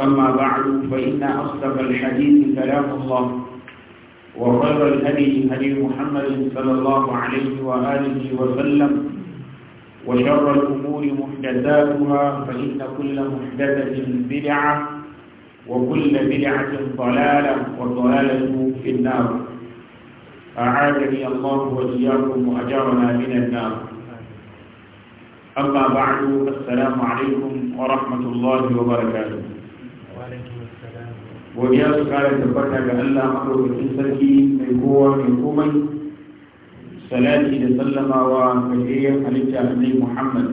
أما بعد فإن أصدق الحديث كلام الله وخير الهدي هدي محمد صلى الله عليه وآله وسلم وشر الأمور محدثاتها فإن كل محدثة بدعة وكل بدعة ضلالة وضلالة في النار أعادني الله وإياكم وأجرنا من النار أما بعد السلام عليكم ورحمة الله وبركاته godiya su kare tabbata ga Allah maɗaukakin sarki mai kowa mai komai salati da sallamawa ga yayin halitta annabi Muhammad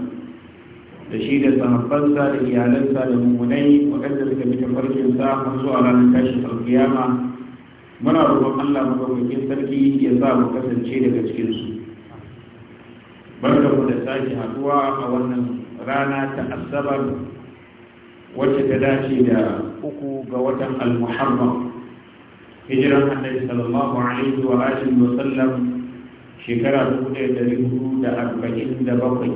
da shi da sahabbansa da iyalansa da mummunai waɗanda suka bi tafarkin sa har zuwa ranar tashin alkiyama muna roƙon Allah maɗaukakin sarki ya sa mu kasance daga cikin su ku da sake haduwa a wannan rana ta asabar wacce ta dace da uku ga watan al-muharram hijiran annabi sallallahu alaihi wa alihi wa sallam shekara dubu ɗaya da dubu da arba'in da bakwai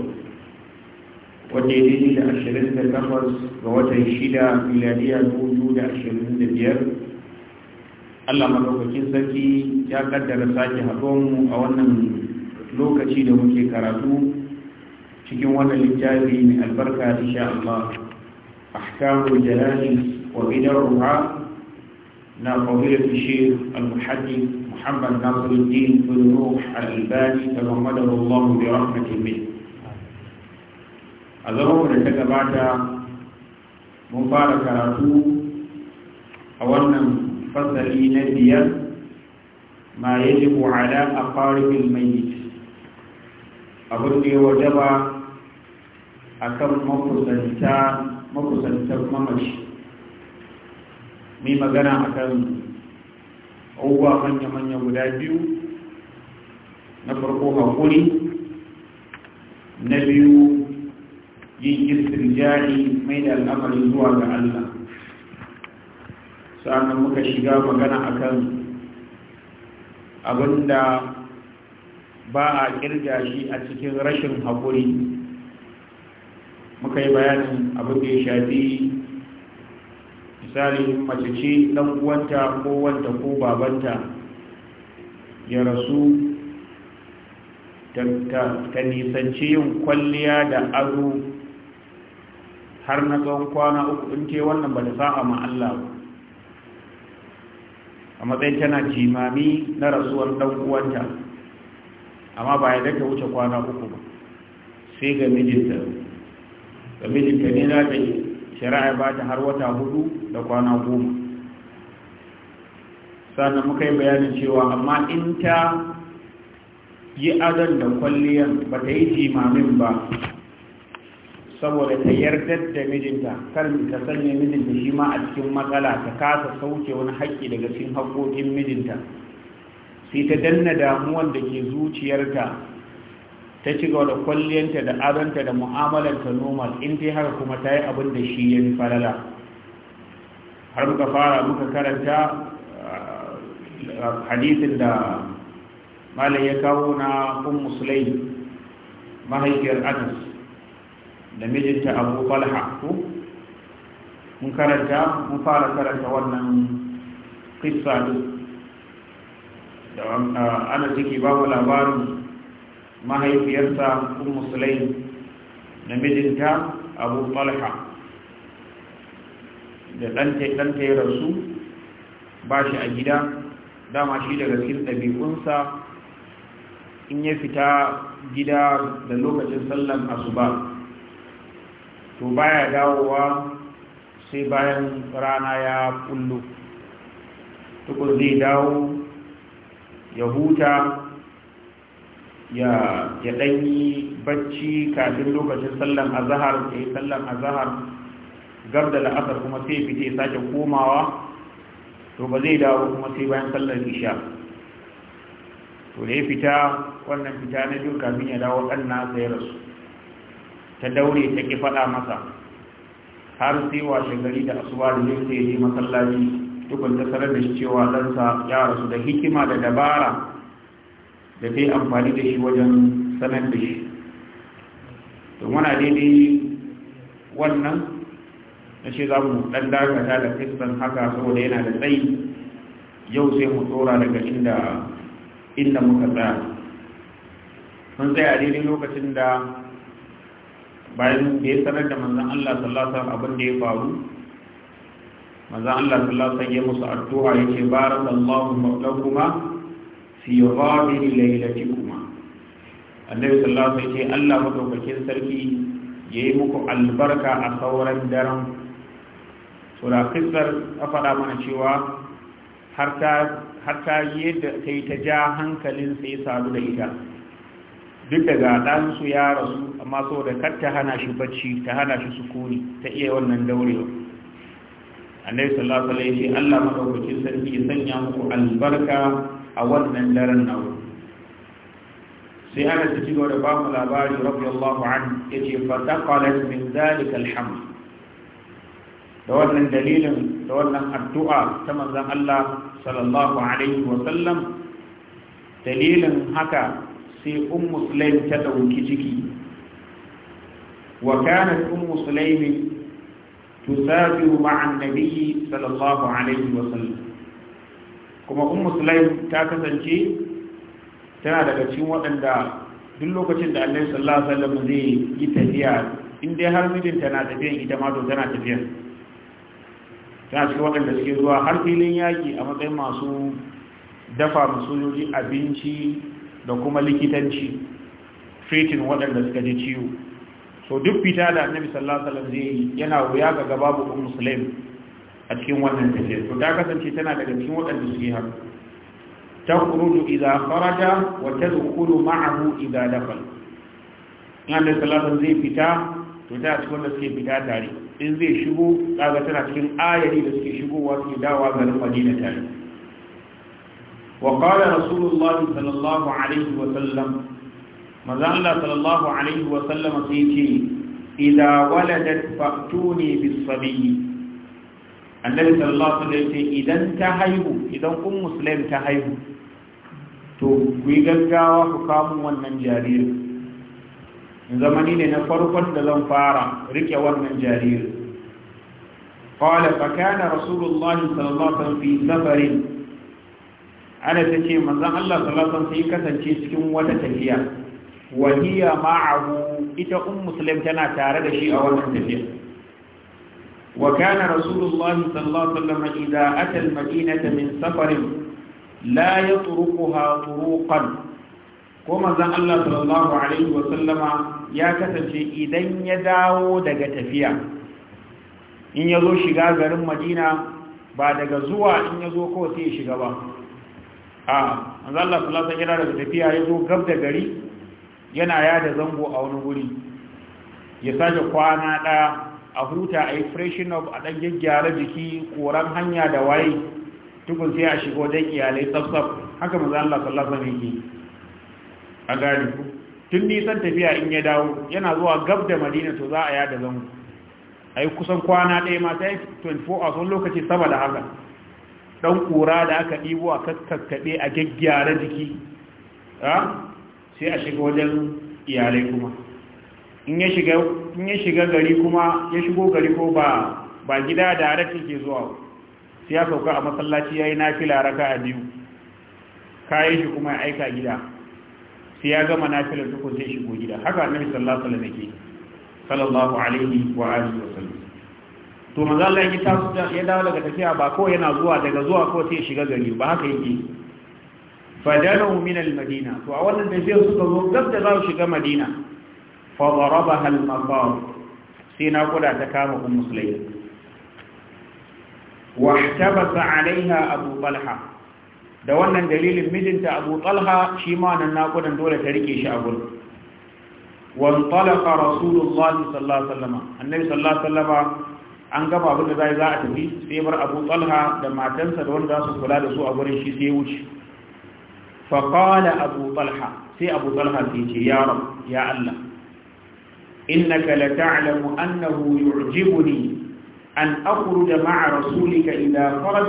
ya da ashirin da takwas ga watan shida miladiya dubu da ashirin da biyar allah madaukakin sarki ya kaddara sake mu a wannan lokaci da muke karatu cikin wannan littafi mai albarka insha Allah أحكام الجنائز وبدرها نا فضيلة الشيخ المحدث محمد ناصر الدين بن روح الألباني تغمده الله برحمة منه أظهر لك بعد مبارك رسول أولا فصلي نبيا ما يجب على أقارب الميت أبدي وجب أكم مقصد makusantar mamaci mai magana a kan abubuwa manya-manya guda biyu na farko haƙuri na biyu yin jari mai da al'amarin zuwa ga Allah sa'annan muka shiga magana a akan abinda ba a kirga shi a cikin rashin hakuri. muka yi bayanin abin da ya shafi misali mace ce ɗan uwanta ko wanta ko babanta ya rasu ta nisanci yin kwalliya da azu har na tsawon kwana uku in ce wannan ba ta sa'a ma Allah ba a matsayin tana jimami na rasuwar ɗan uwanta amma ba ya ta wuce kwana uku ba sai ga mijinta da mijinta ne za ta yi shari'a ba ta har wata hudu da kwana goma sannan muka yi bayanin cewa amma in ta yi adon da kwalliyar ba ta yi jimamin ba saboda ta yarda da mijinta kar ta sanya mijinta shi ma a cikin matsala ta kasa sauke wani haƙƙi daga cikin haƙoƙin mijinta sai ta danna damuwan da ke zuciyarta ta ci gaba da kwalliyanta da adonta da mu'amalanta normal in ta haka kuma ta yi abin da shi ya fi falala har muka fara muka karanta ah, hadisin da malai ya kawo na kun musulai mahaifiyar anas da mijinta abu falha ko mun karanta mun fara karanta wannan kisa da ah, ana ciki babu labarin mahaifiyarsa ummu sulaim da mijinta abu talha da ɗanta ya rasu ba shi a gida dama shi daga cikin ɗabi'unsa in ya fita gida da lokacin sallan asuba to baya dawowa sai bayan rana ya kullu tukur zai dawo ya huta ya ɗan yi bacci kafin lokacin sallan azahar ya yi sallan azahar gab da la'asar kuma sai fita ya sake komawa to ba zai dawo kuma sai bayan sallar isha to da fita wannan fita na biyu kafin ya dawo dan na rasu ta daure ta ki faɗa masa har sai washe gari da asuwa da zai sai ya je masallaci dukkan ta sanar da shi cewa ɗansa ya rasu da hikima da dabara da kai amfani da shi wajen sanar da shi to muna daidai wannan na shi za mu ɗan dakata da kristan haka saboda yana da tsayi yau sai mu tsora daga inda inda muka tsaya sun tsaya daidai lokacin da bayan da ya sanar da manzan Allah sallasar abin da ya faru manzan Allah sallasar ya musu addu'a ya ce barakallahu maɗaukuma fi ghabiri lailatikuma annabi sallallahu alaihi wasallam Allah madaukakin sarki yayi muku albarka a sauran daren sura qissar a faɗa mana cewa har ta har ta yadda kai ta ja hankalin sai sadu da ita duk daga su ya rasu amma saboda kar ta hana shi bacci ta hana shi sukuni ta iya wannan daurewa annabi sallallahu alaihi wasallam Allah madaukakin sarki ya sanya muku albarka a wannan daren nawa sai ana ta ci gaba da ba mu labari radiyallahu an ce fa taqalat min zalika alhamd da wannan dalilin da wannan addu'a ta manzon Allah sallallahu alaihi wa sallam dalilin haka sai ummu ta dauki ciki wa kanat ummu sulaim tusabiru ma'a an sallallahu alaihi wa sallam kuma ummu sulaim ta kasance tana daga cikin waɗanda duk lokacin da annabi sallallahu alaihi wasallam zai yi tafiya in dai har mijinta na tafiya ita ma to tana tafiya tana cikin waɗanda suke zuwa har filin yaƙi a matsayin masu dafa masojoji abinci da kuma likitanci fitin waɗanda suka ji ciwo so duk fita da annabi sallallahu alaihi wasallam zai yana wuya ga babu ummu sulaim a cikin wannan tafiyar to ta kasance tana daga cikin waɗanda su yi haka takhruju idza kharaja wa tadkhulu ma'ahu idza dakhala in da sallallahu zai fita to ta cikin wanda suke fita tare in zai shigo kaga tana cikin ayari da suke shigo wa suke dawa garin Madina tare wa qala rasulullahi sallallahu alaihi wa sallam manzon Allah sallallahu alaihi wa sallam sai ce idza waladat fa'tuni bis sabiyyi annabi sallallahu alaihi wasallam ce idan ta haihu idan kun muslim ta haihu to ku yi gaggawa ku kamo wannan jariri zamani ne na farkon da zan fara rike wannan jariri qala fa kana rasulullahi sallallahu alaihi wasallam fi safarin ana tace manzon Allah sallallahu alaihi wasallam sai kasance cikin wata tafiya wa hiya ma'ahu ita ummu muslim tana tare da shi a wannan tafiya وكان رسول الله صلى الله عليه وسلم إذا أتى المدينة من سفر لا يطرقها طروقا كما زن الله صلى الله عليه وسلم يا كسنشي إذن يداو دقة تفيا إن يزو شقا غرم مدينة بعد زوا إن يزو كوتي شقا با آه زن الله صلى الله عليه وسلم دقة تفيا يزو قبض غري yana yada zango a wani wuri ya sake kwana ɗaya a huta a yi freshen of a ɗan gyaggyara jiki koran hanya da waye tukun sai a shigo don iyalai tsaf-tsaf haka maza Allah sallasa ne ke a gari tun nisan tafiya in ya dawo yana zuwa gab da madina to za a yada zango a yi kusan kwana ɗaya ma sai 24 a sun lokaci sama da haka ɗan ƙura da aka ɗibo a kakkaɓe a gyaggyara jiki ah, sai a shiga wajen iyalai kuma in ya shiga gari kuma ya shigo gari ko ba gida da harafin ke zuwa sai ya sauka a masallaci yayi nafila a biyu kayan shi kuma ya aika gida sai ya gama nafilar tukun zai shigo gida haka annabi sallallahu alaihi wasallam yake sallallahu alaihi wa alihi wasallam to manzo Allah yake ta ya dawo daga tafiya ba ko yana zuwa daga zuwa ko sai shiga gari ba haka yake fadalu min al-madina to a wannan da sai suka zo gab da za su shiga madina fa darabaha al-mafar sai na kuda ta kama ummu sulaym wa ihtabasa alaiha abu talha da wannan dalilin mijinta abu talha shi ma nan nakudan dole ta rike shi a gurin وانطلق رسول الله صلى الله an gaba abin da zai za a tafi sai bar abu talha da matansa da wanda su kula da su a gurin shi sai wuce fa qala abu talha sai abu talha sai ce ya rab ya allah إنك لتعلم أنه يعجبني أن أخرج مع رسولك إذا خرج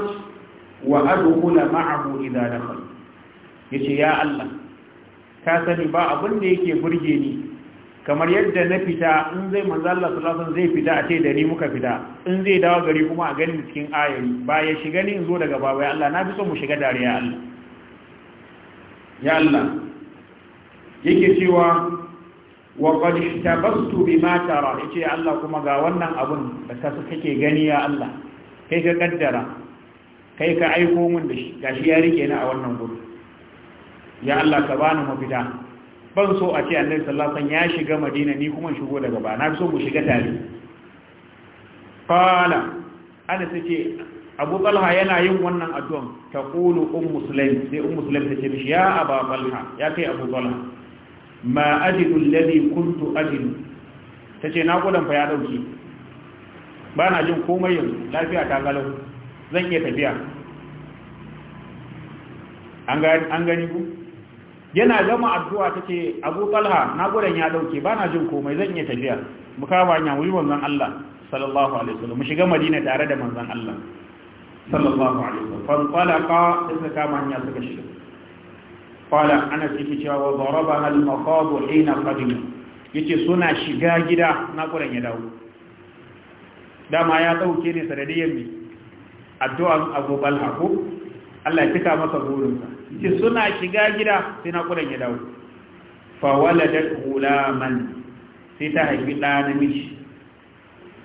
وأدخل معه إذا دخل يقول يا الله كاسني با أبن ديك يبرجيني kamar yadda na fita in zai manzo Allah sallallahu alaihi zai fita a ce da ni muka fita in zai dawo gari kuma a gani cikin ayoyi. ba ya shiga ni in zo daga baba ya Allah na fi so mu shiga dariya. Allah ya Allah cewa wa qad ihtabastu bima tara yace Allah kuma ga wannan abun da ka kake gani ya Allah kai ka kaddara kai ka aiko mun da shi gashi ya rike ni a wannan gudu ya Allah ka bani mafita ban so a ce Annabi sallallahu alaihi wasallam ya shiga Madina ni kuma shigo daga ba na so mu shiga tare qala ana sace Abu Talha yana yin wannan addu'an taqulu Um Muslim, sai Um Muslim tace mishi ya Abu Talha ya kai Abu Talha ma ajidu alladhi kuntu ajidu tace na gudan fa ya dauke ba na jin komai yanzu lafiya ta galau zan iya tafiya an gani ku yana gama addu'a tace Abu Talha na gudan ya dauke ba na jin komai zan iya tafiya mu kama nya mu yi Allah sallallahu alaihi wasallam mu shiga Madina tare da manzon Allah sallallahu alaihi wasallam fa qala qa sai kama hanya suka shiga qala anas yake cewa wa darabaha al-maqadu hina qadima yace suna shiga gida na kuran ya dawo dama ya dauke ne sanadiyar mi addu'a Abu Balha ko Allah ya tuka masa burinsa yace suna shiga gida sai na kuran ya dawo fa waladat ghulaman sai ta haifi da namiji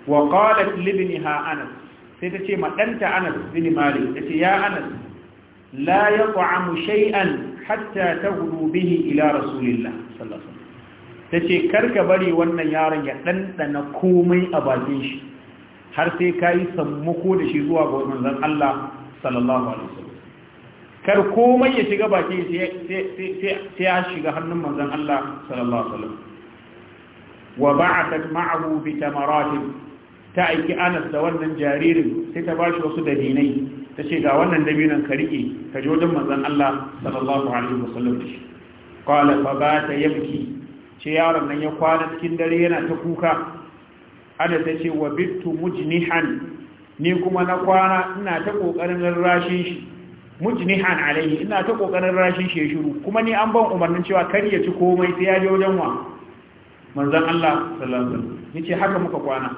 wa qalat li ibniha anas sai ta ce ma danta anas bin malik tace ya anas la yaqamu shay'an hatta tahdu bihi ila rasulillah sallallahu alaihi wasallam tace karka bari wannan yaron ya dandana komai a bakin shi har sai kai sammako da shi zuwa ga manzon Allah sallallahu alaihi wasallam kar komai ya shiga baki sai sai sai ya shiga hannun manzon Allah sallallahu alaihi wasallam wa ba'athat ma'ahu bi tamaratin ta aiki Anas da wannan jaririn sai ta bashi wasu dalilai ta ce ga wannan dabinan ka riƙe ka ji wajen manzan Allah sallallahu alaihi sallam da shi qala fa ta yabki ce yaron nan ya kwana cikin dare yana ta kuka ana ta ce wa bittu mujnihan ni kuma na kwana ina ta kokarin rarrashin shi mujnihan alaihi ina ta kokarin rashin shi ya shiru kuma ni an ban umarnin cewa kar ya ci komai sai ya je wajen wa manzan Allah sallallahu alaihi wa sallam yace haka muka kwana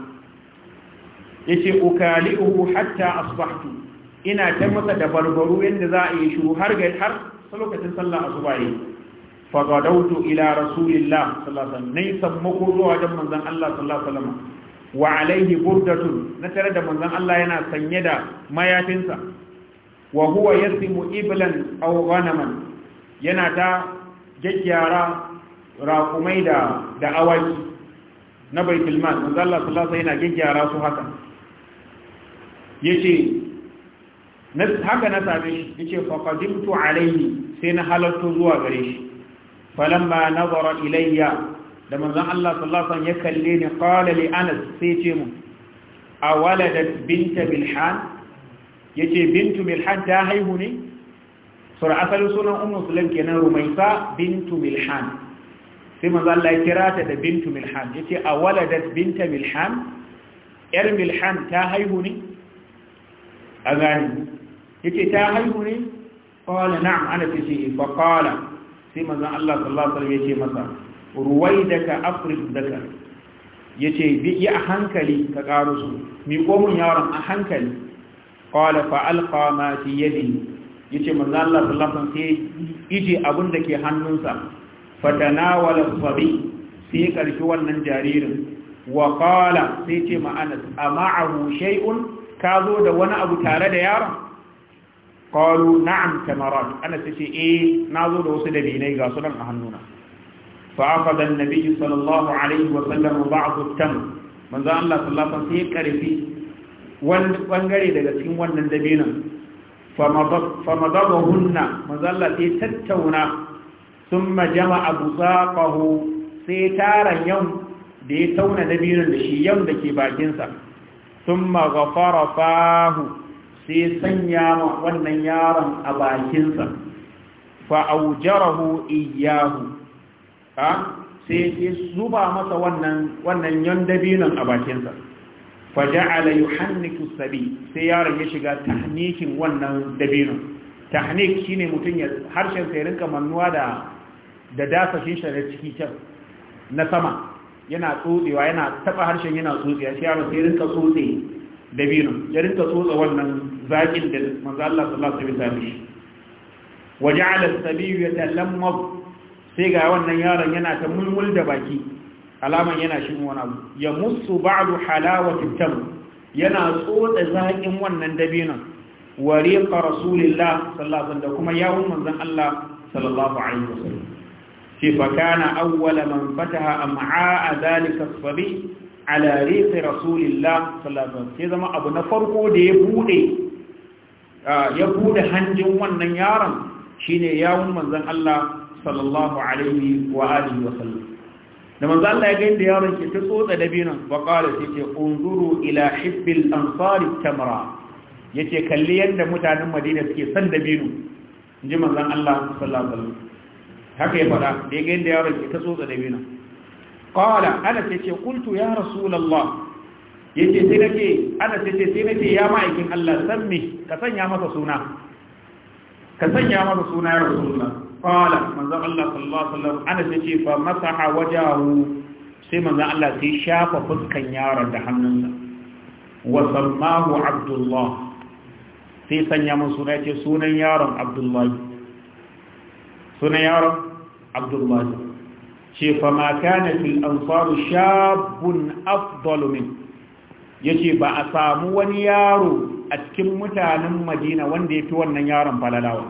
yace ukalihu hatta asbahtu ina ta masa da barbaru yadda za a yi shiru har ga har lokacin sallah asuba yi fa gadawtu ila rasulillah sallallahu alaihi wasallam nay sammako zuwa don manzon Allah sallallahu alaihi wasallam wa alaihi burdatun na tare da manzon Allah yana sanye da mayafinsa wa huwa yasimu iblan aw ghanaman yana ta jajjara raƙumai da da awaki na baitul mal manzon Allah sallallahu alaihi wasallam yana jajjara su haka yace haka na same shi yace fa qadimtu alayhi sai na halarto zuwa gare shi falamma nazara ilayya da manzon Allah sallallahu alaihi wasallam ya kalle ni qala li Anas sai ce mu awaladat binta Milhan yace bintu Milhan ta haihu ne sura asalin sunan ummu sulaim kenan Rumaisa bintu Milhan sai manzo Allah ya kira ta da bintu Milhan yace awaladat binta Milhan yar Milhan ta haihu ne a gani yace ta haihu ne qala na'am ana ce shi fa qala sai mazan Allah sallallahu alaihi wasallam yace masa ruwaidaka afrij dakar yace bi yi a hankali ka karo su mi komun yaron a hankali qala fa alqa ma fi yadi ce manzon Allah sallallahu alaihi wasallam sai ije abun da ke hannunsa wala sabi sai karfi wannan jaririn wa qala sai ce ma anas ama'ahu shay'un ka zo da wani abu tare da yaron qalu na'am tamarat ana tace eh nazo da wasu dabinai ga su nan a hannuna fa aqada an sallallahu alaihi wa sallam ba'd at-tamr manzo Allah sallallahu sai bangare daga cikin wannan dabinan fa madabahunna manzo Allah sai tattauna thumma jama'a busaqahu sai taran yau da ya tauna dabinan da shi yau da ke bakinsa thumma ghafara fahu sai sanya wannan yaron a bakinsa fa'aujarahu iyahu ha sai ya zuba masa wannan wannan yandabinan a bakinsa faja'ala yuhanniku sabi sai yaron ya shiga tahnikin wannan dabino. tahnik shine mutum ya harshen sai rinka mannuwa da da dasashin shi da ciki can na sama yana tsotsewa yana taba harshen yana tsotsewa sai yaron sai rinka tsotsewa dabino ya rinka tsotsa wannan zakin da manzo Allah sallallahu alaihi wasallam shi waja'ala sabiyu yatalamma sai ga wannan yaron yana ta mulmul da baki alaman yana shin wani abu ya musu ba'du halawati tam yana tsotsa zakin wannan dabinon Wari riqa rasulillah sallallahu alaihi wasallam kuma yawun manzon Allah sallallahu alaihi wasallam sai fa kana awwala man fataha am'a dhalika as-sabi ala rifi rasulillah sallallahu sai zama abu na farko da ya bude ya bude hanjin wannan yaron shine yawun manzon Allah sallallahu alaihi wa alihi wa sallam da manzon Allah ya ga inda yaron ke ta tsotsa dabinan wa qala sai ce unzuru ila hibbil ansar tamra yace kalli yadda mutanen Madina suke san dabino inji manzon Allah sallallahu alaihi haka ya fada da ya ga inda yaron ke ta tsotsa dabinan qala ana ce qultu ya rasulullah yace sai nake ana ce sai nake ya ma'aikin Allah sanni ka sanya masa suna ka sanya masa suna ya rasulullah qala manzon Allah sallallahu alaihi wasallam ana ce fa masaha wajahu sai manzon Allah sai shafa fuskan yaron da hannunsa wa sammahu abdullah sai sanya mun suna yace sunan yaron abdullahi sunan yaron abdullahi ce fa ma fil ansaru shabun afdalu min yace ba a samu wani yaro a cikin mutanen Madina wanda ya fi wannan yaron falalawa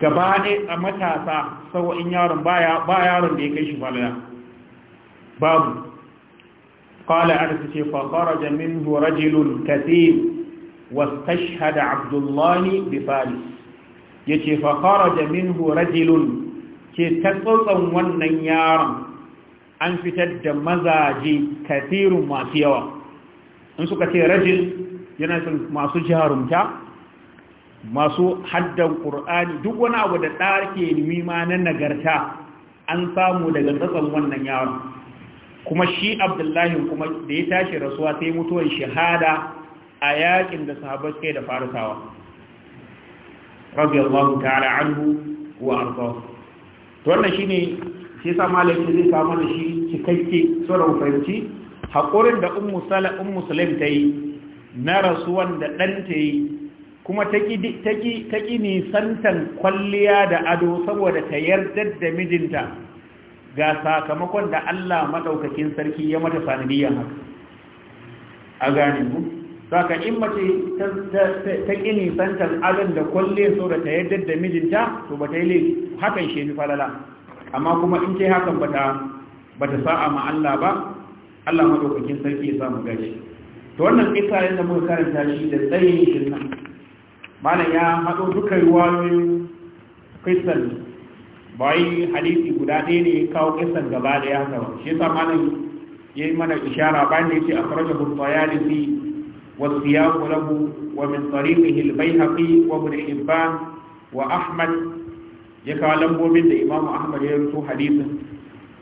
gaba ne a matasa sau in yaron ba yaron da ya kai shi falala babu qala arsu ce fa kharaja minhu rajulun kathir wastashhada abdullahi bifali faris yace fa kharaja minhu rajulun ke ta wannan yaron an fitar da mazaje kathirun masu yawa in suka ce rajin yana sun masu jarumta masu haddan ƙur'ani duk wani abu da ɗar ke ma na nagarta an samu daga tsatsan wannan yaron kuma shi abdullahi kuma da ya tashi rasuwa sai mutuwar shahada a yakin da sahabar kai da farisawa rabbi allahu ta'ala anhu wa arzahu to wannan ne shi sa malami zai samu da shi cikakke sauran fahimci haƙurin da ummu sala ummu salim ta yi na rasuwan da ɗan ta yi kuma ta ƙi santan kwalliya da ado saboda ta yardar da mijinta ga sakamakon da Allah maɗaukakin sarki ya mata sanadiyyar haka a gane mu saka in mace ta kini santar adon da kwalle so da ta yadda da mijinta to ba ta yi laifi hakan shi falala amma kuma in ce hakan ba ta sa'a ma Allah ba Allah madaukakin sarki ya samu gashi to wannan kisa yadda muka karanta shi da tsayin shi nan malam ya hado duka ruwayoyin kisan bai hadisi guda ɗaya ne kawo kisan gaba da ya haka shi yasa malam ya yi mana ishara bayan da ya ce a farajar burtayalisi والسياق له ومن طريقه البيهقي وابن حبان وأحمد يكالم من الإمام أحمد يرسو حديثا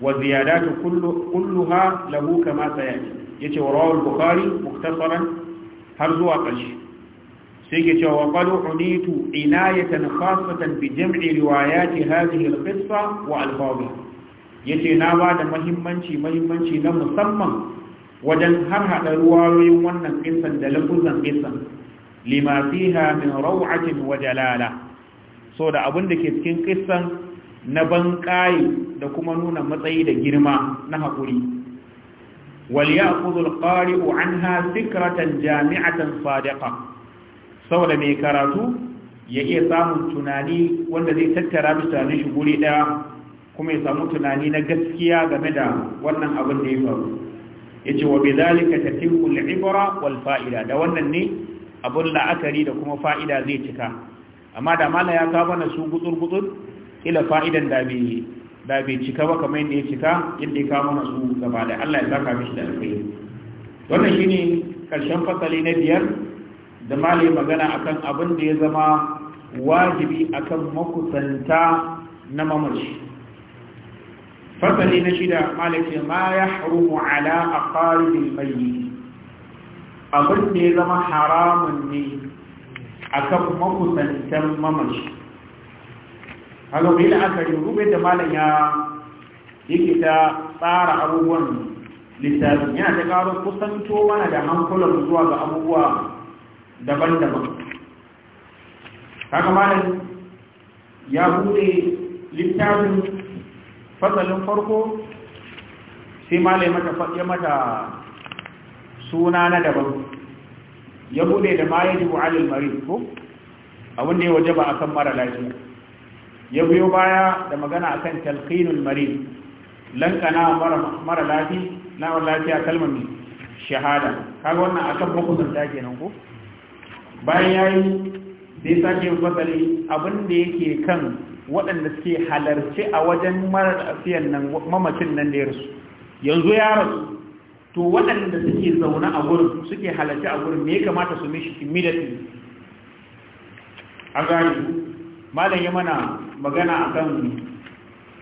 والزيادات كل كلها له كما سيأتي يتي ورواه البخاري مختصرا هرزو أقلش سيكي وقال عنيت عناية خاصة بجمع روايات هذه القصة وألفاظها يتي نابا مهمنشي مهمنشي لمسمم wajen har hada ruwayoyin wannan kisan da lafuzan kisan lima fiha min raw'atin wa jalala so da abin da ke cikin kisan na banƙaye da kuma nuna matsayi da girma na haƙuri wal ya'khudhu al-qari'u anha fikratan jami'atan sadiqa saboda mai karatu ya iya samun tunani wanda zai tattara mutane shi guri daya kuma ya samu tunani na gaskiya game da wannan abin da ya faru yace wa bidhalika tatimu al-ibra wal fa'ida da wannan ne abun la'akari da kuma fa'ida zai cika amma da mala ya kawo na su gutsur gutsur ila fa'idan da bai da cika ba kamar yadda ya cika yadda ya kawo na su gaba da Allah ya saka mishi da alkhairi wannan shine karshen fasali na biyar da mala magana akan abin da ya zama wajibi akan makusanta na mamaci fasali na shida malaki ma ya harumu ala a ƙaribin mai abin da ya zama haramun ne a kan makusantan mamashi haka mai la'akari rubin da malam ya yake ta tsara abubuwan littafin yana ta ƙarar kusanto mana da hankulan zuwa ga abubuwa daban-daban haka malam ya bude littafin fasalin farko sai malai ya mata suna na daban ya bude da ma ya jibu alil marid ko abinda ya waje ba a mara lafiya ya biyo baya da magana akan kan talqinul mari lankana mara lafiya kalmar mai shahada kaga wannan akan makusanta nan ko bayan yayi sai sake fasali abinda yake kan waɗanda suke halarci a wajen mara afiyan nan mamacin nan da ya rasu yanzu ya rasu to waɗanda suke zaune a gurin suke halarci a gurin me ya kamata su mishi immediately a gani malam ya mana magana akan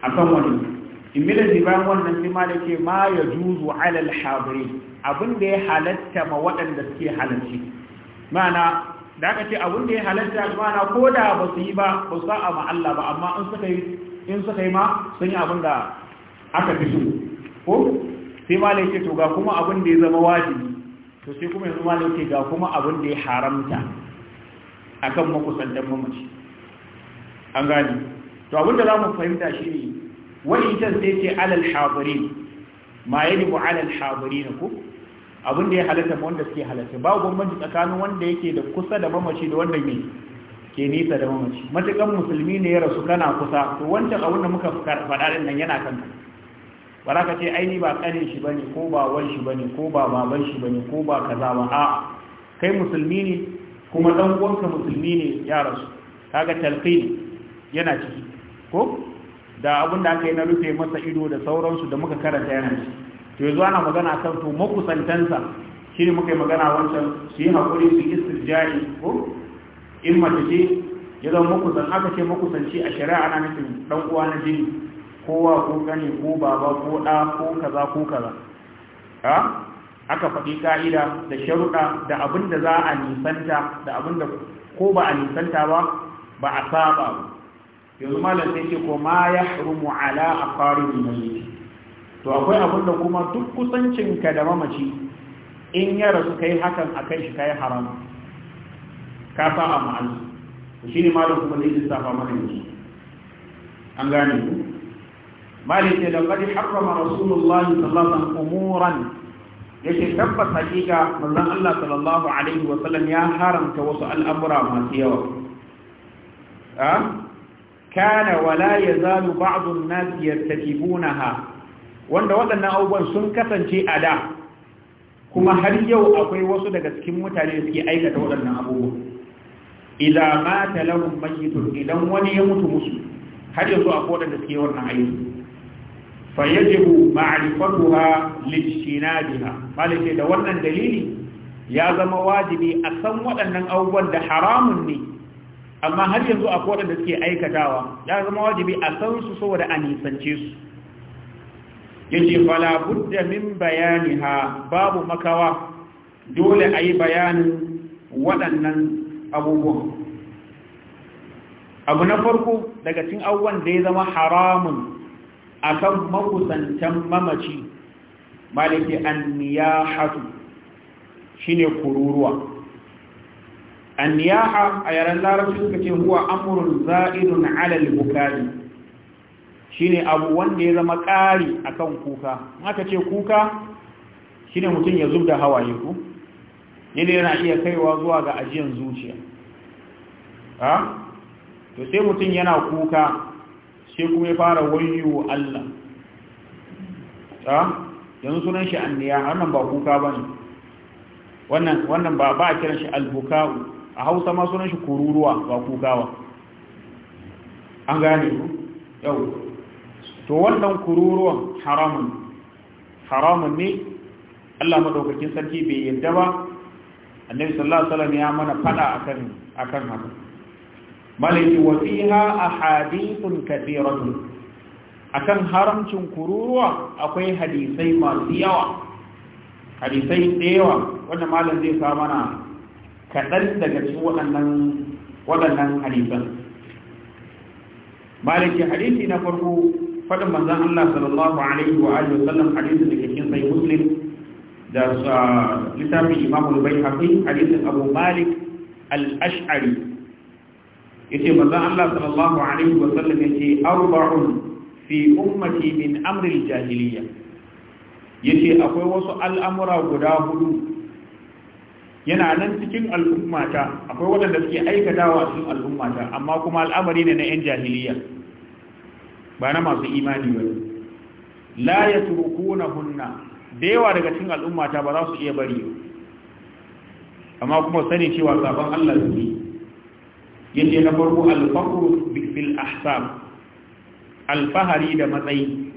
akan wani immediately bayan wannan sai malam ce ma ya juzu alal habiri abin da ya halatta ma waɗanda suke halarci ma'ana da aka ce abin da ya halatta mana ko da ba su yi ba ba su sa'a ma Allah ba amma in suka yi in suka yi ma sun yi abin da aka fi so ko sai malai ce to ga kuma abin da ya zama wajibi to sai kuma yanzu malai ce ga kuma abin da ya haramta akan makusantan mamaci an gani to abin da za mu fahimta shi ne wani ita sai ce alal hadirin ma yadi alal hadirin ko abin da ya halatta ma wanda suke halatta babu bambanci tsakanin wanda yake da kusa da mamaci da wanda ne ke nisa da mamaci matukan musulmi ne ya rasu kana kusa to wancan abin da muka faɗa ɗin nan yana kan ba za ka ce aini ba ƙanin shi bane ko ba wan shi bane ko ba baban shi bane ko ba kaza ba a kai musulmi ne kuma dan uwanka musulmi ne ya rasu kaga talqin yana ciki ko da abin da aka yi na rufe masa ido da sauransu da muka karanta yana ciki to yanzu ana magana kan to makusantansa shi ne muka yi magana wancan su yi haƙuri su istirjari ko in mace ce ya zama makusan aka ce makusanci a shari'a ana nufin ɗan uwa na jini kowa ko gani ko baba ko ɗa ko kaza ko kaza ha aka faɗi ka'ida da sharuɗa da abin da za a nisanta da abin da ko ba a nisanta ba ba a saba ba yanzu malam sai ce ko ma ya rumu ala a farin mai to akwai abin da kuma duk kusancinka da mamaci in ya rasu kai hakan a kai shi kai haram ka sa a ma'azu shi ne malin kuma zai lissafa mana yanzu an gane ku malin ce da kadi harrama rasulullah sallallahu umuran Ya ce tabbas hakika manzon Allah sallallahu alaihi wa sallam ya haramta wasu al'amura masu yawa ah kana wala yazalu ba'd an-nas yartakibunaha wanda waɗannan abubuwan sun kasance a da kuma har yau akwai wasu daga cikin mutane da suke aikata waɗannan ila ma ta lahum mayyitun idan wani ya mutu musu har yanzu akwai da suke wannan aiki fa yajibu ma'rifatuha lijtinabiha malike da wannan dalili ya zama wajibi a san waɗannan abubuwan da haramun ne amma har yanzu akwai da suke aikatawa ya zama wajibi a san su saboda a nisance su yace fala budda min bayaniha babu makawa dole ayi bayanin waɗannan abubuwan abu na farko daga cikin abubuwan da ya zama haramun akan makusantan mamaci maliki anniyahatu shine kururuwa Anniyaha niyaha a yaren larabci suka ce huwa amrun za'idun alal bukari shine abu wanda ya zama ƙari kan kuka maka ce kuka shine mutum ya zubda hawaye ku ne yana iya kaiwa zuwa ga ajiyan zuciya ha to sai mutum yana kuka sai kuma ya fara wayyo Allah ha yanzu sunan shi anniya wannan ba kuka bane wannan wannan ba ba kiran shi albuka'u a Hausa ma sunan shi kururuwa ba kukawa an gane ku yau to wannan kururuwan haramun haramun ne Allah madaukakin sarki bai yadda ba annabi sallallahu alaihi wasallam ya mana fada akan akan haka malaki wa fiha ahadithun kathiratun akan haramcin kururuwa akwai hadisai masu yawa hadisai yawa wanda malam zai sa mana kaɗan daga cikin waɗannan waɗannan hadisan malaki hadisi na farko fadin manzan Allah sallallahu alaihi wa alihi wasallam hadisin da cikin sai muslim da uh, littafin imamul bai haƙi hadisin abu malik al-ash'ari yace manzan Allah sallallahu alaihi wa sallam yace arba'un fi ummati min amril jahiliya yace akwai wasu al'amura guda hudu yana nan cikin al'ummata akwai waɗanda suke aikatawa a cikin al'ummata amma kuma al'amari ne na 'yan jahiliya ba na masu imani ba la ya yatrukunahunna da yawa daga cikin al'umma ta ba za su iya bari amma kuma sani cewa sabon Allah ne yadda na farko alfaqru bil ahsab alfahari da matsayi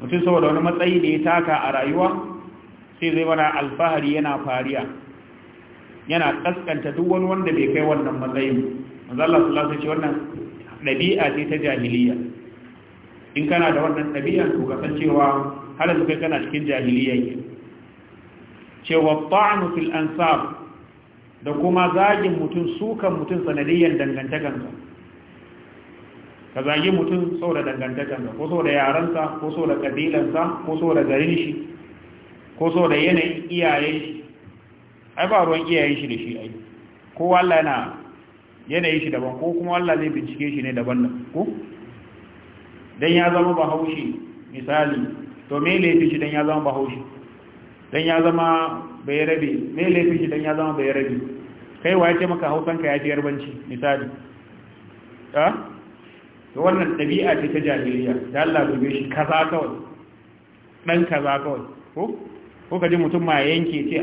mutum saboda wani matsayi da ya taka a rayuwa sai zai wani alfahari yana fariya yana kaskanta duk wani wanda bai kai wannan matsayin manzala su lasa ce wannan ɗabi'a ce ta jahiliya in kana da wannan ɗabi'a to kasancewa har yanzu kai kana cikin jahiliya ke cewa ta'anu fil ansab da kuma zagin mutum sukan mutum sanadiyyar dangantakansa ka zagi mutum sau da dangantakansa ko sau da yaransa ko sau da ƙabilansa ko sau da garin shi ko sau da yanayin iyayen shi ai ba ruwan iyayen shi da shi ai ko Allah yana yanayin shi daban ko kuma Allah zai bincike shi ne daban nan ko dan ya zama bahaushe misali to me laifi shi dan ya zama bahaushe dan ya zama bai rabe me laifi shi dan ya zama bai rabe kai wa ya ce maka hausanka ya fi yarbanci misali ta to wannan ɗabi'a ce ta jahiliya da Allah dube shi kaza kawai dan kaza kawai ko ko ji mutum ma yanke ce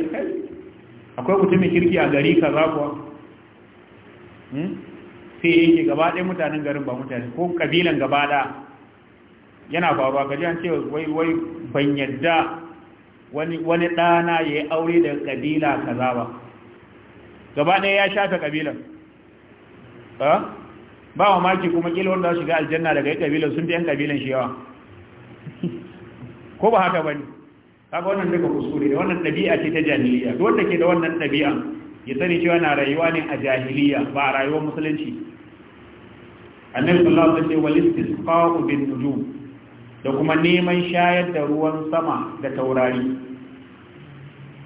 akwai mutumin kirki a gari kaza kuwa hmm? sai yake gaba ɗaya mutanen garin ba mutane ko kabilan gaba ɗaya yana faruwa kaji an ce wai wai ban yadda wani wani dana yayi aure da kabila kaza ba gaba ɗaya ya shafe kabilan ba wa maki kuma kila wanda za shiga aljanna daga kabilan sun fi yan kabilan shi yawa ko ba haka bane kaga wannan duka kusuri da wannan ɗabi'a ce ta jahiliya duk wanda ke da wannan ɗabi'a ya sani cewa na rayuwa ne a jahiliya ba a rayuwar musulunci annabi sallallahu alaihi wasallam wal istisqa'u bin nujum da kuma neman shayar da ruwan sama da taurari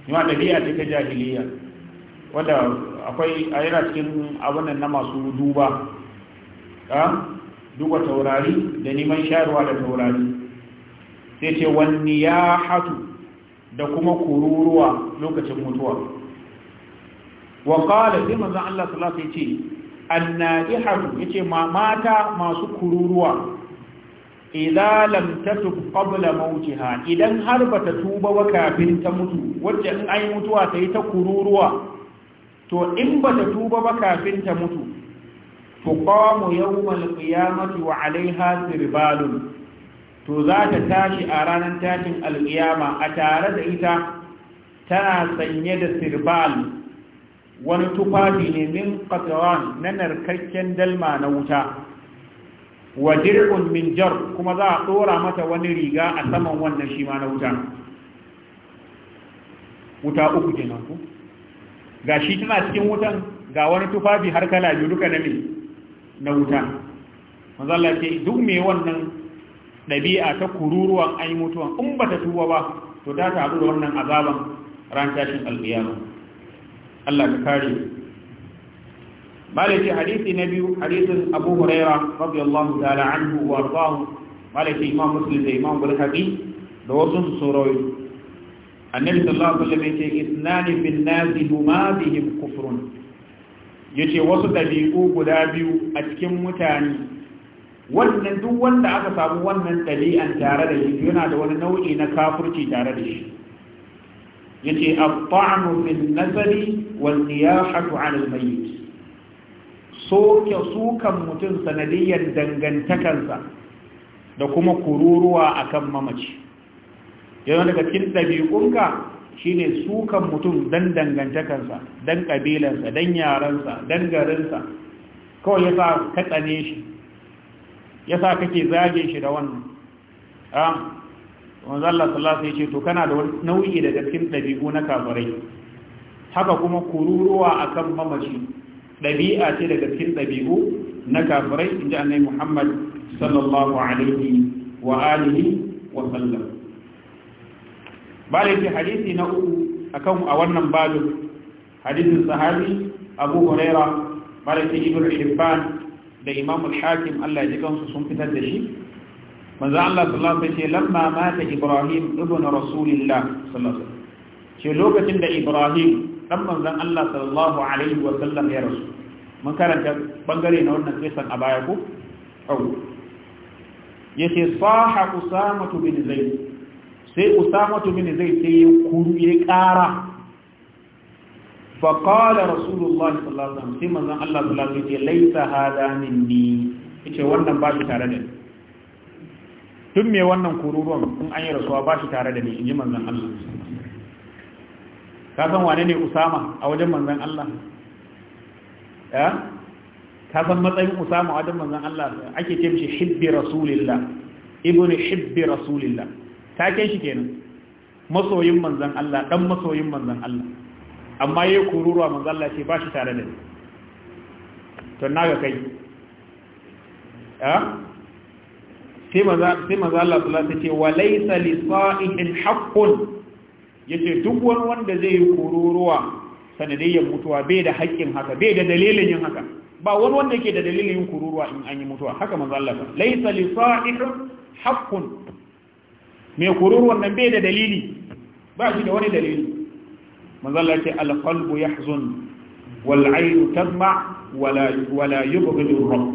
yana ɗabi'a ce ta jahiliya wadda akwai a yana cikin abunan na masu duba duba taurari da neman shayarwa da taurari sai ce wani ya hatu da kuma kururuwa lokacin mutuwa wa kala sai manzan Allah salasa ya ce annadi hatu ya ce mata masu kururuwa idza lam tatub qabla mautiha idan har bata tuba ba kafin ta mutu wacce in mutuwa ta yi ta kururuwa to in bata tuba ba kafin ta mutu tuqamu yawmal qiyamati wa alaiha sirbalun to za ta tashi a ranar tashin alƙiyama a tare da ita tana sanye da sirbal wani tufafi ne min qatran na narkakken dalma na wuta wa dir'un min jar kuma za a tsora mata wani riga a saman wannan shi ma na wuta wuta uku kenan ku ga shi tana cikin wutan ga wani tufafi har kala biyu duka na na wuta manzo Allah ce duk me wannan dabi'a ta kururuwan ai mutuwan in ba ta tuwa ba to ta taru da wannan azaban ran tashin alƙiyama Allah ka kare malaki hadisi na biyu hadisin abu huraira radiyallahu ta'ala anhu wa ardahu malaki imam muslim da imam bulhaqi da wasu surori annabi sallallahu alaihi wasallam yace isnani bin nasi huma bihim kufrun yace wasu dabi'u guda biyu a cikin mutane wannan duk wanda aka samu wannan dabi'an tare da shi yana da wani nau'i na kafirci tare da shi yace at-ta'nu fil nasabi wal niyahatu 'ala al-mayyit soke sukan mutum sanadiyyar dangantakarsa da kuma kururuwa akan mamaci yana daga cikin ɗabi'unka shine sukan mutum dan dangantakarsa dan ƙabilansa, dan yarensa dan garinsa kawai yasa ka tsane shi yasa kake zage shi da wannan a wanzu Allah sallallahu ya ce to kana da nau'i daga cikin ɗabi'u na kafirai haka kuma kururuwa akan mamaci ɗabi'a ce daga cikin ɗabi'u na kafirai inji annai muhammad sallallahu alaihi wa alihi wa sallam ba da yake hadisi na uku a kan a wannan babin hadisin sahabi abu huraira ba da yake ibn hibban da imam al-hakim Allah ya ji kansu sun fitar da shi manzo Allah sallallahu alaihi wasallam lamma mata ibrahim ibn rasulillah sallallahu alaihi wasallam ce lokacin da ibrahim dan manzon Allah sallallahu alaihi wa sallam ya rasu mun karanta bangare na wannan kisan a baya ko au yace saha usama bin zaid sai usama bin zaid sai kuru ya kara fa qala rasulullah sallallahu alaihi wasallam sai manzon Allah sallallahu alaihi wasallam laisa hada minni yace wannan ba shi tare da ni tun me wannan kururuwan in an yi rasuwa ba shi tare da ni in inji manzon Allah ka san wane ne usama a wajen manzan Allah ya ka san matsayin usama a wajen manzan Allah ake ce mishi hibbi rasulillah ibnu hibbi rasulillah ta ke shi kenan masoyin manzan Allah dan masoyin manzan Allah amma yayi kururuwa manzan Allah ce ba shi tare da ni to na ga kai ya sai manzan Allah sallallahu alaihi wasallam ce wa laysa li haqqun yace duk wani wanda zai yi kururuwa sanadiyyar mutuwa bai da haƙƙin haka bai da dalilin yin haka ba wani wanda yake da dalilin yin kururuwa in an yi mutuwa haka manzo laisa li sa'ihin haqqun mai kururuwan nan bai da dalili ba shi da wani dalili manzo Allah ce al qalbu yahzun wal aynu tadma wala wala yubghidu rabb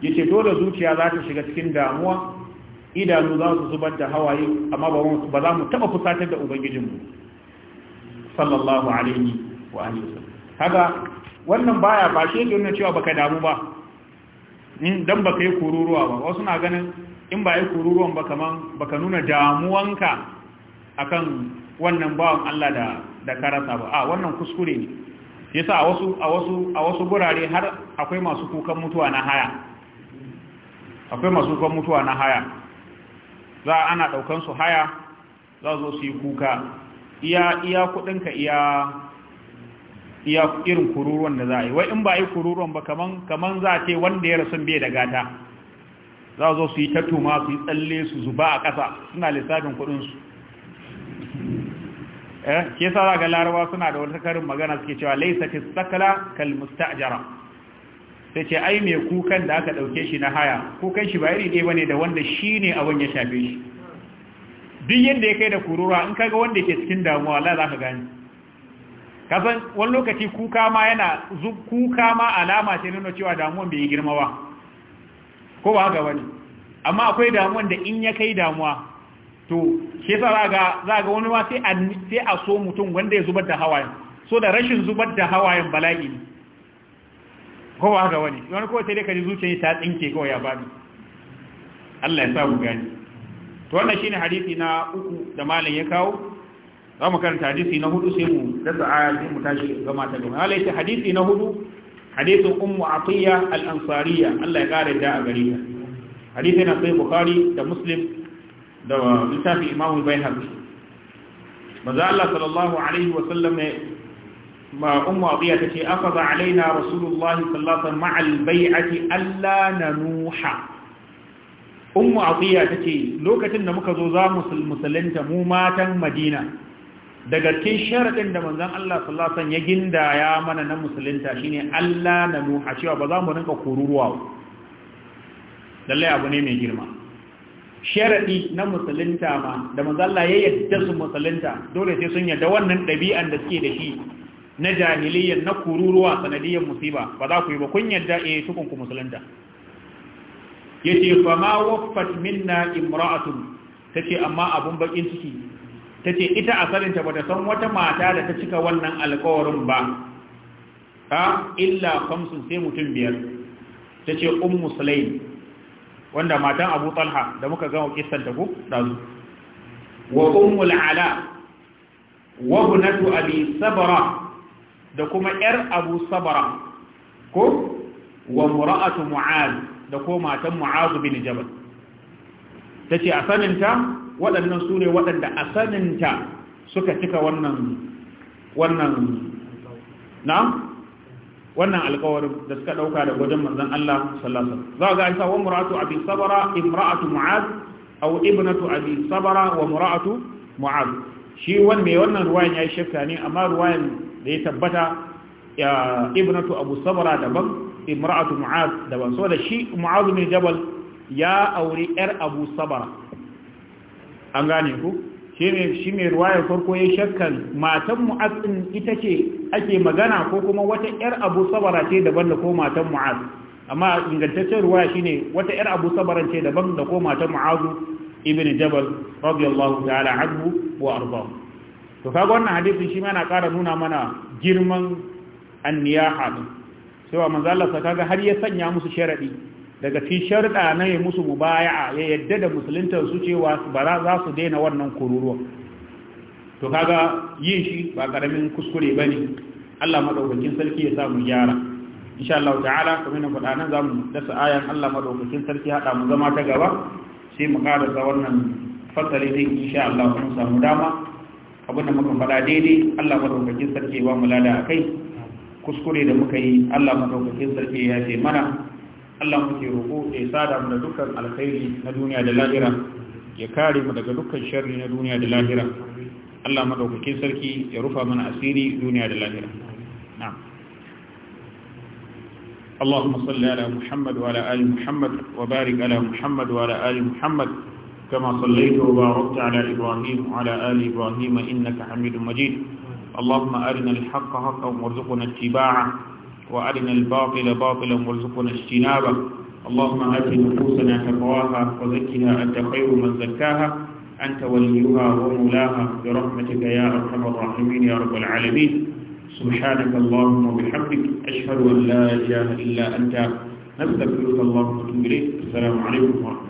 yace dole zuciya za ta shiga cikin damuwa idanu za su zubar da hawaye amma ba za mu taɓa fusatar da ubangijinmu sallallahu alaihi wa alihi haka wannan baya ba shi yake nuna cewa baka damu ba dan baka yi kururuwa ba wasu na ganin in ba yi kururuwan ba kaman baka nuna damuwanka akan wannan bawan Allah da da karasa ba a wannan kuskure ne yasa a wasu a wasu a wasu gurare har akwai masu kukan mutuwa na haya akwai masu kukan mutuwa na haya za ana daukan su haya za zo su yi kuka iya iya kudinka iya iya irin kururuwan da za a yi wai in ba yi kururuwan ba kaman kaman za a ce wanda ya rasu bai da gata za zo su yi tattuma su yi tsalle su zuba a ƙasa suna lissafin su eh ke sa za ga larabawa suna da wata karin magana suke cewa laisa fi sakala kal mustajara sai ce ai mai kukan da aka ɗauke shi na haya kukan shi ba iri ɗaya bane da wanda shi ne abin ya shafe shi duk yadda ya kai da kururuwa in kaga wanda ke cikin damuwa la za ka gani kasan wani lokaci kuka ma yana kuka ma alama ce nuna cewa damuwan bai yi girma ba ko ba haka wani amma akwai damuwan da in ya kai damuwa to ke sa za ga wani ma sai a so mutum wanda ya zubar da hawayen so da rashin zubar da hawayen bala'i ne kowa ba haka wani wani kowace sai dai ka zuciya ta tsinke kowa ya bani Allah ya sa gani to wannan shine hadisi na uku da malam ya kawo za mu karanta hadisi na hudu sai mu dasa aya sai mu tashi gama ta gama Allah ya hadisi na hudu hadisin ummu atiya al-ansariya Allah ya kare da a gare ta hadisi na sai bukhari da muslim da littafin imamu bayhaqi manzo Allah sallallahu alaihi wa sallam ما أم أبية تشي أخذ علينا رسول الله صلى الله عليه وسلم مع البيعة ألا ننوح أم أبية تشي لو كتن مكزوزا mu matan مدينة daga cikin sharadin da manzon Allah sallallahu alaihi wasallam ya gindaya mana na musulunta shine Allah na nuha cewa ba za mu rinka kururuwa lallai abu ne mai girma sharadi na musulunta ma da manzon Allah ya yadda su musulunta dole sai sun yadda wannan dabi'an da suke da shi na jahiliyyar na kururuwa sanadiyar musiba ba za ku yi ba kun yadda eh tukun ku musulunta yace fa ma waffat minna imra'atun tace amma abun bakin ciki tace ita asalinta ta san wata mata da ta cika wannan alƙawarin ba ha illa khamsun sai mutum biyar tace ummu sulaim wanda matan abu talha da muka ga kissan ta ku dazu wa ummul ala wa ibnatu abi sabra da kuma ‘yar abu sabara ko wa mura'atu mu'az da ko matan mu'azu bin jabal ta ce a saninta waɗannan su ne waɗanda a saninta suka cika wannan wannan na wannan alkawarin da suka ɗauka da wajen manzan Allah sallallahu alaihi za ga an sa wa mura'atu abi sabara imra'atu mu'az aw ibnatu abi sabara wa mura'atu mu'az shi wannan mai wannan ruwayan yayi shifta ne amma ruwayan da ya tabbata ibnatu abu samura daban imra'atu mu'az daban so da shi mu'az bin jabal ya aure yar abu sabara an gane ku shine shi mai ruwayar farko ya shakkan matan mu'az din ita ce ake magana ko kuma wata yar abu sabara ce daban da ko matan mu'az amma ingantaccen ruwaya shine wata yar abu sabaran ce daban da ko matan mu'az ibn jabal radiyallahu ta'ala anhu wa ardahu to kaga wannan hadisin shi ma yana ƙara nuna mana girman anniyaha din cewa manzo Allah kaga har ya sanya musu sharadi daga cikin sharda na ya musu mubaya'a ya yadda da musulunta su cewa ba za su daina wannan kururuwa to kaga yin shi ba karamin kuskure bane Allah madaukakin sarki ya sa mu gyara insha Allah ta'ala kuma na fada nan zamu dasa ayan Allah madaukakin sarki hada mu zama ta gaba sai mu karasa wannan fasali din insha Allah mun samu dama abinda muka faɗa daidai Allah madaukakin sarki ba mu lada kai kuskure da muka yi Allah madaukakin sarki ya ce mana Allah muke roƙo ya sada mu da dukkan alkhairi na duniya da lahira ya kare mu daga dukkan sharri na duniya da lahira Allah madaukakin sarki ya rufa mana asiri duniya da lahira na'am اللهم صل على محمد وعلى آل محمد وبارك على محمد وعلى آل محمد كما صليت وباركت على إبراهيم وعلى آل إبراهيم إنك حميد مجيد اللهم أرنا الحق حقا وارزقنا اتباعه وأرنا الباطل باطلا وارزقنا اجتنابه اللهم آت نفوسنا تقواها وزكها أنت خير من زكاها أنت وليها ومولاها برحمتك يا أرحم الراحمين يا رب العالمين سبحانك اللهم وبحمدك أشهد أن لا إله إلا أنت نستغفرك اللهم وأتوب إليك السلام عليكم ورحمة الله